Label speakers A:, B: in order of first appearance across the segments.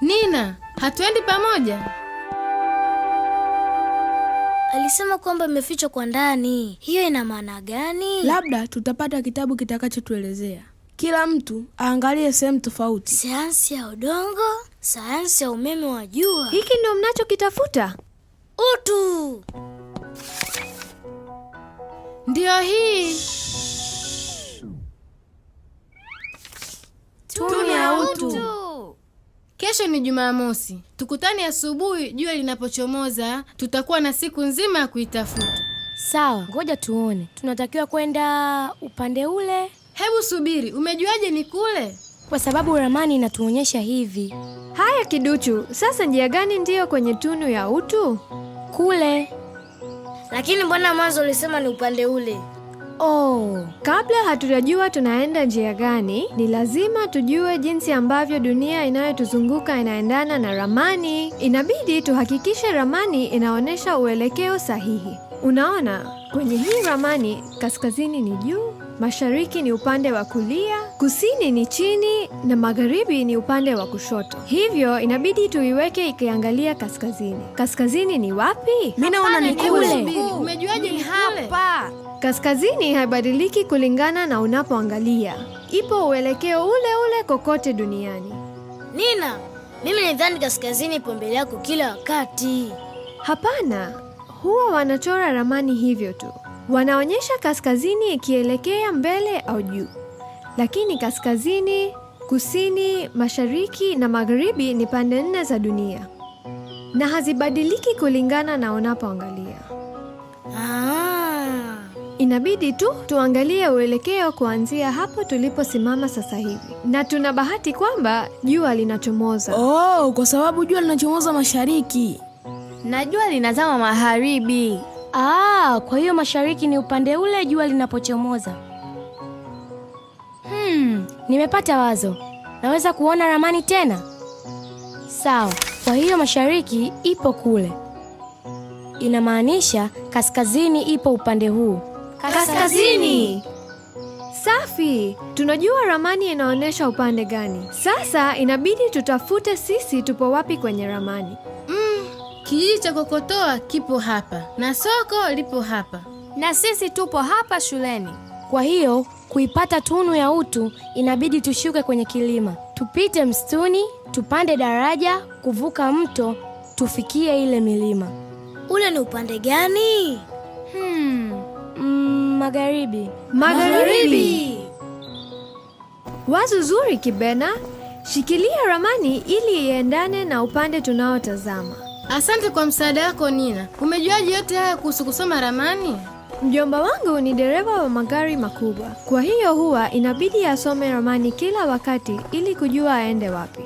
A: Nina, hatuendi pamoja?
B: Alisema kwamba imefichwa kwa ndani. Hiyo ina maana gani?
C: Labda tutapata kitabu kitakachotuelezea. Kila mtu aangalie sehemu tofauti.
B: Sayansi ya udongo, sayansi ya umeme wa jua.
A: Hiki ndio mnachokitafuta?
B: Utu.
A: Ndiyo hii. Kesho ni Jumamosi, tukutane asubuhi jua linapochomoza. Tutakuwa na siku nzima ya kuitafuta.
D: Sawa, ngoja tuone, tunatakiwa kwenda upande ule.
A: Hebu subiri, umejuaje ni kule?
D: Kwa sababu ramani inatuonyesha hivi.
E: Haya Kiduchu, sasa njia gani ndiyo kwenye tunu ya utu?
D: Kule.
B: Lakini mbona mwanzo ulisema ni upande ule?
E: Oh, kabla hatujajua tunaenda njia gani, ni lazima tujue jinsi ambavyo dunia inayotuzunguka inaendana na ramani. Inabidi tuhakikishe ramani inaonyesha uelekeo sahihi. Unaona, kwenye hii ramani kaskazini ni juu, mashariki ni upande wa kulia, kusini ni chini na magharibi ni upande wa kushoto. Hivyo inabidi tuiweke ikiangalia kaskazini. Kaskazini ni wapi?
A: Mimi naona ni kule.
B: Umejuaje ni hapa?
E: Kaskazini haibadiliki kulingana na unapoangalia, ipo uelekeo ule ule kokote duniani.
B: Nina, mimi nadhani kaskazini ipo mbele yako kila wakati.
E: Hapana, huwa wanachora ramani hivyo tu, wanaonyesha kaskazini ikielekea mbele au juu, lakini kaskazini, kusini, mashariki na magharibi ni pande nne za dunia na hazibadiliki kulingana na unapoangalia. Ah. Inabidi tu tuangalie uelekeo kuanzia hapo tuliposimama sasa hivi, na tuna bahati kwamba jua linachomoza.
A: Oh, kwa sababu jua linachomoza mashariki
B: na jua linazama magharibi.
D: Ah, kwa hiyo mashariki ni upande ule jua linapochomoza. Hmm, nimepata wazo. Naweza kuona ramani tena? Sawa, kwa hiyo mashariki ipo kule, inamaanisha kaskazini ipo upande huu.
F: Kaskazini.
E: Safi, tunajua ramani inaonyesha upande gani. Sasa inabidi tutafute sisi tupo wapi kwenye ramani.
A: Mm, kijiji cha Kokotoa kipo hapa na soko lipo hapa
B: na sisi tupo hapa shuleni.
D: Kwa hiyo kuipata tunu ya utu inabidi tushuke kwenye kilima, tupite msituni, tupande daraja, kuvuka mto, tufikie ile milima.
B: Ule ni upande gani?
E: magharibi.
F: Magharibi.
E: Wazo zuri, Kibena. Shikilia ramani ili iendane na upande tunaotazama.
A: Asante kwa msaada wako Nina. Umejuaje yote haya kuhusu kusoma ramani?
E: Mjomba wangu ni dereva wa magari makubwa, kwa hiyo huwa inabidi asome ramani kila wakati ili kujua aende wapi.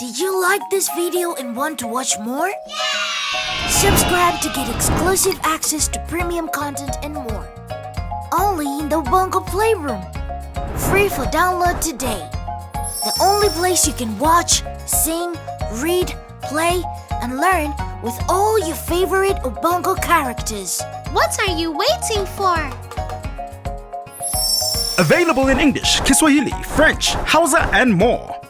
E: Did you like this video and want to watch more? Yeah! Subscribe to get exclusive access to premium content and more. only in the Bunko Playroom. Free for download today. The only place you can watch, sing, read, play, and learn with all your favorite Ubongo characters. What are you waiting for? Available in English, Kiswahili, French, Hausa, and more.